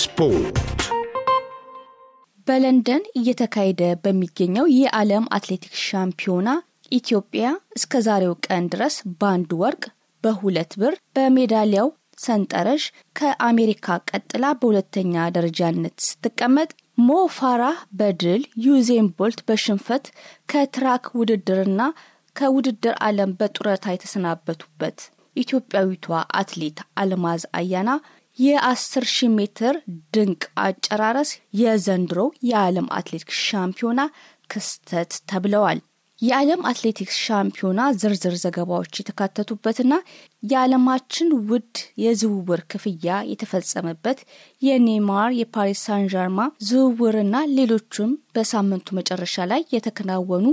ስፖርት በለንደን እየተካሄደ በሚገኘው የዓለም አትሌቲክስ ሻምፒዮና ኢትዮጵያ እስከ ዛሬው ቀን ድረስ በአንድ ወርቅ፣ በሁለት ብር በሜዳሊያው ሰንጠረዥ ከአሜሪካ ቀጥላ በሁለተኛ ደረጃነት ስትቀመጥ ሞፋራ በድል ዩዜን ቦልት በሽንፈት ከትራክ ውድድርና ከውድድር ዓለም በጡረታ የተሰናበቱበት ኢትዮጵያዊቷ አትሌት አልማዝ አያና የ10 ሜትር ድንቅ አጨራረስ የዘንድሮው የዓለም አትሌቲክስ ሻምፒዮና ክስተት ተብለዋል። የዓለም አትሌቲክስ ሻምፒዮና ዝርዝር ዘገባዎች የተካተቱበትና የዓለማችን ውድ የዝውውር ክፍያ የተፈጸመበት የኔይማር የፓሪስ ሳንዣርማ ዝውውርና ሌሎችም በሳምንቱ መጨረሻ ላይ የተከናወኑ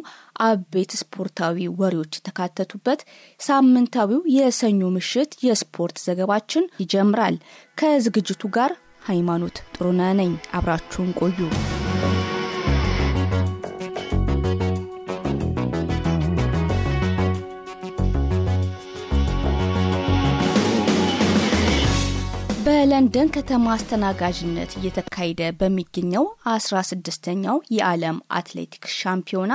አቤት ስፖርታዊ ወሬዎች የተካተቱበት ሳምንታዊው የሰኞ ምሽት የስፖርት ዘገባችን ይጀምራል። ከዝግጅቱ ጋር ሃይማኖት ጥሩነህ ነኝ። አብራችሁን ቆዩ። በለንደን ከተማ አስተናጋጅነት እየተካሄደ በሚገኘው 16 ስድስተኛው የዓለም አትሌቲክስ ሻምፒዮና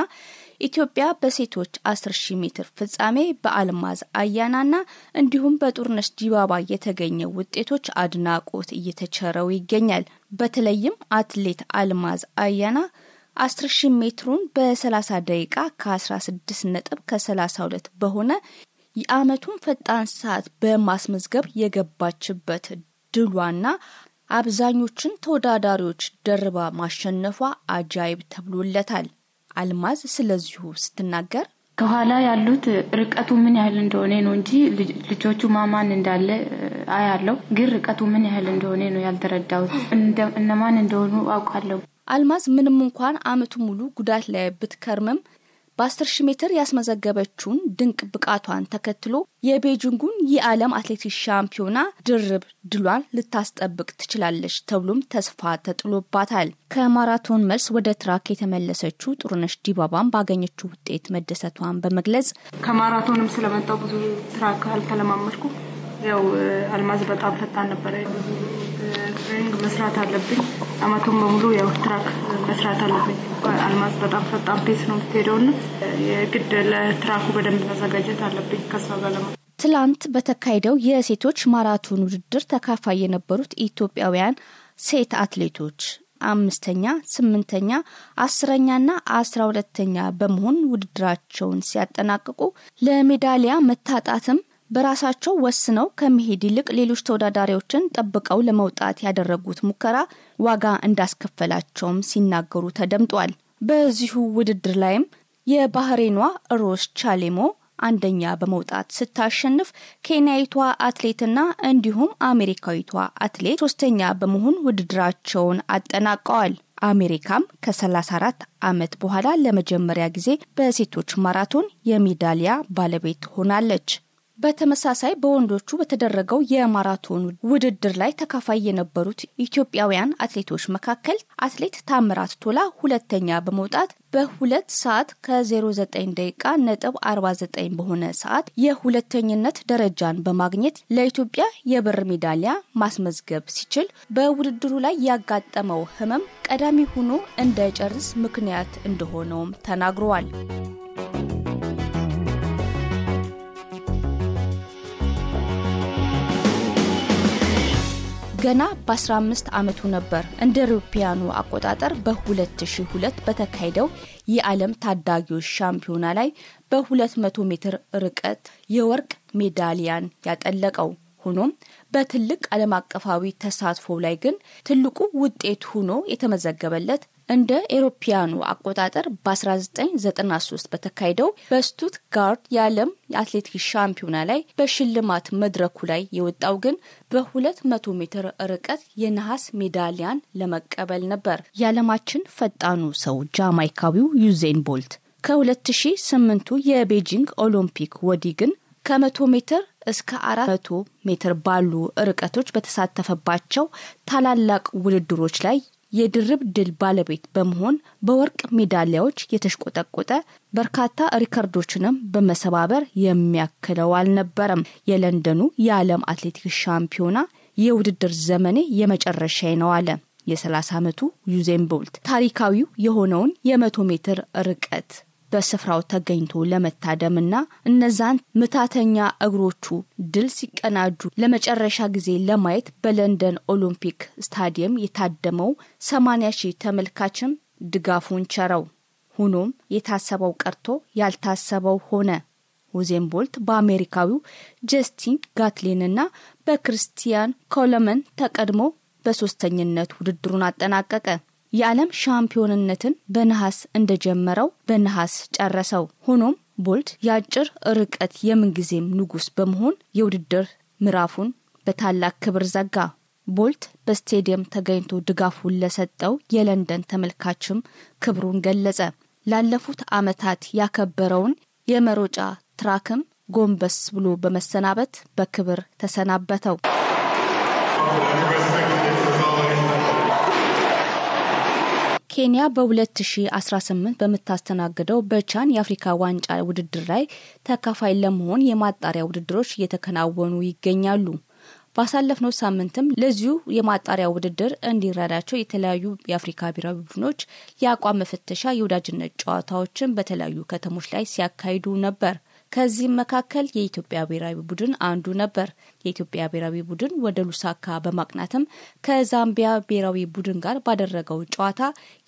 ኢትዮጵያ በሴቶች 10000 ሜትር ፍጻሜ በአልማዝ አያናና እንዲሁም በጥሩነሽ ዲባባ የተገኘ ውጤቶች አድናቆት እየተቸረው ይገኛል። በተለይም አትሌት አልማዝ አያና 10000 ሜትሩን በ30 ደቂቃ ከ16 ነጥብ ከ32 በሆነ የአመቱን ፈጣን ሰዓት በማስመዝገብ የገባችበት ድሏና አብዛኞቹን ተወዳዳሪዎች ደርባ ማሸነፏ አጃይብ ተብሎለታል። አልማዝ ስለዚሁ ስትናገር ከኋላ ያሉት ርቀቱ ምን ያህል እንደሆነ ነው እንጂ ልጆቹ ማማን እንዳለ አያለው፣ ግን ርቀቱ ምን ያህል እንደሆነ ነው ያልተረዳሁት። እነማን እንደሆኑ አውቃለሁ። አልማዝ ምንም እንኳን አመቱ ሙሉ ጉዳት ላይ ብትከርምም በ10 ሜትር ያስመዘገበችውን ድንቅ ብቃቷን ተከትሎ የቤጂንጉን የዓለም አትሌቲክስ ሻምፒዮና ድርብ ድሏን ልታስጠብቅ ትችላለች ተብሎም ተስፋ ተጥሎባታል። ከማራቶን መልስ ወደ ትራክ የተመለሰችው ጥሩነሽ ዲባባን ባገኘችው ውጤት መደሰቷን በመግለጽ ከማራቶንም ስለመጣው ብዙ ትራክ አልተለማመድኩ። ያው አልማዝ በጣም ፈጣን ነበረ። ብዙ መስራት አለብኝ አመቱን በሙሉ ያው ትራክ መስራት አለብኝ። አልማዝ በጣም ፈጣን ፔስ ነው የምትሄደው እና የግድ ለትራኩ በደንብ መዘጋጀት አለብኝ ከሷ ጋር ለማ ትላንት በተካሄደው የሴቶች ማራቶን ውድድር ተካፋይ የነበሩት ኢትዮጵያውያን ሴት አትሌቶች አምስተኛ፣ ስምንተኛ፣ አስረኛና አስራ ሁለተኛ በመሆን ውድድራቸውን ሲያጠናቅቁ ለሜዳሊያ መታጣትም በራሳቸው ወስነው ከመሄድ ይልቅ ሌሎች ተወዳዳሪዎችን ጠብቀው ለመውጣት ያደረጉት ሙከራ ዋጋ እንዳስከፈላቸውም ሲናገሩ ተደምጧል። በዚሁ ውድድር ላይም የባህሬኗ ሮስ ቻሌሞ አንደኛ በመውጣት ስታሸንፍ ኬንያዊቷ አትሌትና እንዲሁም አሜሪካዊቷ አትሌት ሶስተኛ በመሆን ውድድራቸውን አጠናቀዋል። አሜሪካም ከ34 ዓመት በኋላ ለመጀመሪያ ጊዜ በሴቶች ማራቶን የሜዳሊያ ባለቤት ሆናለች። በተመሳሳይ በወንዶቹ በተደረገው የማራቶን ውድድር ላይ ተካፋይ የነበሩት ኢትዮጵያውያን አትሌቶች መካከል አትሌት ታምራት ቶላ ሁለተኛ በመውጣት በሁለት ሰዓት ከ09 ደቂቃ ነጥብ 49 በሆነ ሰዓት የሁለተኝነት ደረጃን በማግኘት ለኢትዮጵያ የብር ሜዳሊያ ማስመዝገብ ሲችል በውድድሩ ላይ ያጋጠመው ሕመም ቀዳሚ ሆኖ እንዳይጨርስ ምክንያት እንደሆነውም ተናግረዋል። ገና በ15 ዓመቱ ነበር እንደ ሮፒያኑ አቆጣጠር በ2002 በተካሄደው የዓለም ታዳጊዎች ሻምፒዮና ላይ በ200 ሜትር ርቀት የወርቅ ሜዳሊያን ያጠለቀው። ሆኖም በትልቅ ዓለም አቀፋዊ ተሳትፎ ላይ ግን ትልቁ ውጤት ሆኖ የተመዘገበለት እንደ ኤሮፒያኑ አቆጣጠር በ1993 በተካሄደው በስቱት ጋርድ የዓለም የአትሌቲክስ ሻምፒዮና ላይ በሽልማት መድረኩ ላይ የወጣው ግን በ200 ሜትር ርቀት የነሐስ ሜዳሊያን ለመቀበል ነበር። የዓለማችን ፈጣኑ ሰው ጃማይካዊው ዩዜን ቦልት ከ2008ቱ የቤጂንግ ኦሎምፒክ ወዲህ ግን ከመቶ ሜትር እስከ አራት መቶ ሜትር ባሉ ርቀቶች በተሳተፈባቸው ታላላቅ ውድድሮች ላይ የድርብ ድል ባለቤት በመሆን በወርቅ ሜዳሊያዎች የተሽቆጠቆጠ በርካታ ሪከርዶችንም በመሰባበር የሚያክለው አልነበረም። የለንደኑ የዓለም አትሌቲክስ ሻምፒዮና የውድድር ዘመኔ የመጨረሻዬ ነው አለ የ30 ዓመቱ ዩዜን ቦልት ታሪካዊው የሆነውን የመቶ ሜትር ርቀት በስፍራው ተገኝቶ ለመታደምና እነዛን ምታተኛ እግሮቹ ድል ሲቀናጁ ለመጨረሻ ጊዜ ለማየት በለንደን ኦሎምፒክ ስታዲየም የታደመው 80 ሺህ ተመልካችም ድጋፉን ቸረው። ሆኖም የታሰበው ቀርቶ ያልታሰበው ሆነ። ሁሴን ቦልት በአሜሪካዊው ጀስቲን ጋትሊንና በክርስቲያን ኮለመን ተቀድሞ በሶስተኝነት ውድድሩን አጠናቀቀ። የዓለም ሻምፒዮንነትን በነሐስ እንደጀመረው በነሐስ ጨረሰው። ሆኖም ቦልት የአጭር ርቀት የምንጊዜም ንጉስ በመሆን የውድድር ምዕራፉን በታላቅ ክብር ዘጋ። ቦልት በስቴዲየም ተገኝቶ ድጋፉን ለሰጠው የለንደን ተመልካችም ክብሩን ገለጸ። ላለፉት ዓመታት ያከበረውን የመሮጫ ትራክም ጎንበስ ብሎ በመሰናበት በክብር ተሰናበተው። ኬንያ በ2018 በምታስተናግደው በቻን የአፍሪካ ዋንጫ ውድድር ላይ ተካፋይ ለመሆን የማጣሪያ ውድድሮች እየተከናወኑ ይገኛሉ። ባሳለፍነው ሳምንትም ለዚሁ የማጣሪያ ውድድር እንዲረዳቸው የተለያዩ የአፍሪካ ብሔራዊ ቡድኖች የአቋም መፈተሻ የወዳጅነት ጨዋታዎችን በተለያዩ ከተሞች ላይ ሲያካሂዱ ነበር። ከዚህም መካከል የኢትዮጵያ ብሔራዊ ቡድን አንዱ ነበር። የኢትዮጵያ ብሔራዊ ቡድን ወደ ሉሳካ በማቅናትም ከዛምቢያ ብሔራዊ ቡድን ጋር ባደረገው ጨዋታ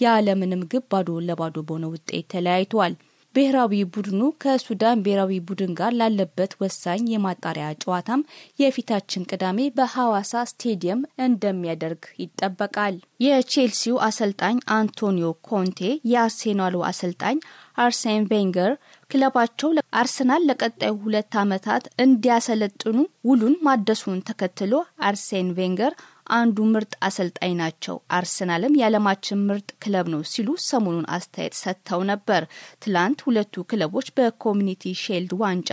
ያለምንም ግብ ባዶ ለባዶ በሆነ ውጤት ተለያይተዋል። ብሔራዊ ቡድኑ ከሱዳን ብሔራዊ ቡድን ጋር ላለበት ወሳኝ የማጣሪያ ጨዋታም የፊታችን ቅዳሜ በሐዋሳ ስቴዲየም እንደሚያደርግ ይጠበቃል። የቼልሲው አሰልጣኝ አንቶኒዮ ኮንቴ፣ የአርሴናሉ አሰልጣኝ አርሴን ቬንገር ክለባቸው አርሰናል ለቀጣዩ ሁለት ዓመታት እንዲያሰለጥኑ ውሉን ማደሱን ተከትሎ አርሴን ቬንገር አንዱ ምርጥ አሰልጣኝ ናቸው። አርሰናልም የዓለማችን ምርጥ ክለብ ነው ሲሉ ሰሞኑን አስተያየት ሰጥተው ነበር። ትላንት ሁለቱ ክለቦች በኮሚኒቲ ሼልድ ዋንጫ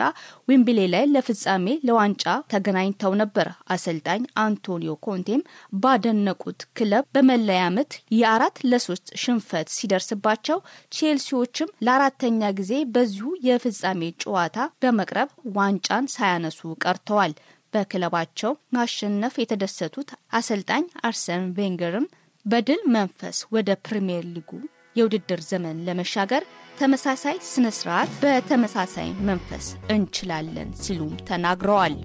ዊምብሌ ላይ ለፍጻሜ ለዋንጫ ተገናኝተው ነበር። አሰልጣኝ አንቶኒዮ ኮንቴም ባደነቁት ክለብ በመለያ ዓመት የአራት ለሶስት ሽንፈት ሲደርስባቸው፣ ቼልሲዎችም ለአራተኛ ጊዜ በዚሁ የፍጻሜ ጨዋታ በመቅረብ ዋንጫን ሳያነሱ ቀርተዋል። በክለባቸው ማሸነፍ የተደሰቱት አሰልጣኝ አርሰን ቬንገርም በድል መንፈስ ወደ ፕሪምየር ሊጉ የውድድር ዘመን ለመሻገር ተመሳሳይ ስነ ስርዓት በተመሳሳይ መንፈስ እንችላለን ሲሉም ተናግረዋል።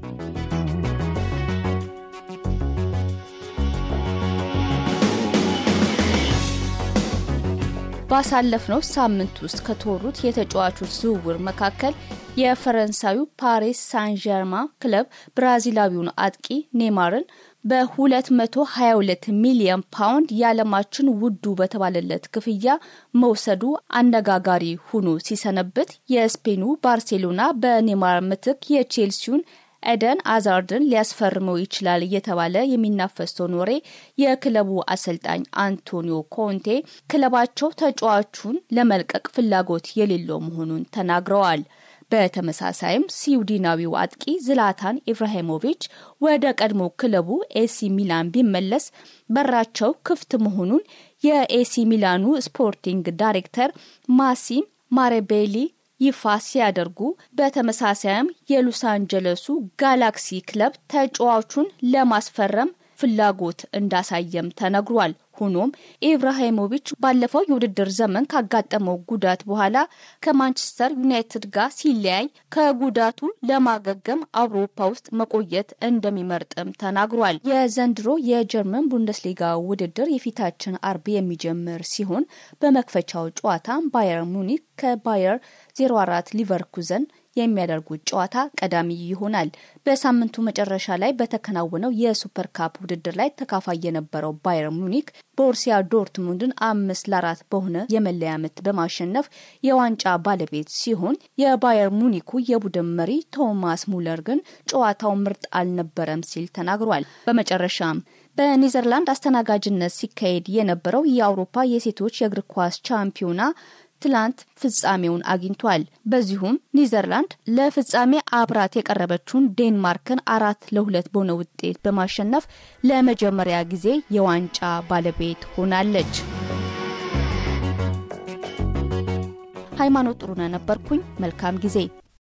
ባሳለፍነው ሳምንት ውስጥ ከተወሩት የተጫዋቾች ዝውውር መካከል የፈረንሳዩ ፓሪስ ሳን ዠርማ ክለብ ብራዚላዊውን አጥቂ ኔማርን በ222 ሚሊዮን ፓውንድ የዓለማችን ውዱ በተባለለት ክፍያ መውሰዱ አነጋጋሪ ሆኖ ሲሰነብት የስፔኑ ባርሴሎና በኔማር ምትክ የቼልሲውን ኤደን አዛርድን ሊያስፈርመው ይችላል እየተባለ የሚናፈሰውን ወሬ የክለቡ አሰልጣኝ አንቶኒዮ ኮንቴ ክለባቸው ተጫዋቹን ለመልቀቅ ፍላጎት የሌለው መሆኑን ተናግረዋል። በተመሳሳይም ስዊድናዊው አጥቂ ዝላታን ኢብራሂሞቪች ወደ ቀድሞ ክለቡ ኤሲ ሚላን ቢመለስ በራቸው ክፍት መሆኑን የኤሲ ሚላኑ ስፖርቲንግ ዳይሬክተር ማሲም ማሬቤሊ ይፋ ሲያደርጉ በተመሳሳይም የሎስ አንጀለሱ ጋላክሲ ክለብ ተጫዋቹን ለማስፈረም ፍላጎት እንዳሳየም ተነግሯል። ሆኖም ኢብራሂሞቪች ባለፈው የውድድር ዘመን ካጋጠመው ጉዳት በኋላ ከማንቸስተር ዩናይትድ ጋር ሲለያይ ከጉዳቱ ለማገገም አውሮፓ ውስጥ መቆየት እንደሚመርጥም ተናግሯል። የዘንድሮ የጀርመን ቡንደስሊጋ ውድድር የፊታችን አርብ የሚጀምር ሲሆን በመክፈቻው ጨዋታ ባየር ሙኒክ ከባየር 04 ሊቨርኩዘን የሚያደርጉት ጨዋታ ቀዳሚ ይሆናል። በሳምንቱ መጨረሻ ላይ በተከናወነው የሱፐር ካፕ ውድድር ላይ ተካፋይ የነበረው ባየር ሙኒክ ቦሩሲያ ዶርትሙንድን አምስት ለአራት በሆነ የመለያ ምት በማሸነፍ የዋንጫ ባለቤት ሲሆን የባየር ሙኒኩ የቡድን መሪ ቶማስ ሙለር ግን ጨዋታው ምርጥ አልነበረም ሲል ተናግሯል። በመጨረሻም በኒዘርላንድ አስተናጋጅነት ሲካሄድ የነበረው የአውሮፓ የሴቶች የእግር ኳስ ቻምፒዮና ትላንት ፍጻሜውን አግኝቷል። በዚሁም ኒዘርላንድ ለፍጻሜ አብራት የቀረበችውን ዴንማርክን አራት ለሁለት በሆነ ውጤት በማሸነፍ ለመጀመሪያ ጊዜ የዋንጫ ባለቤት ሆናለች። ሃይማኖት ጥሩነህ ነበርኩኝ። መልካም ጊዜ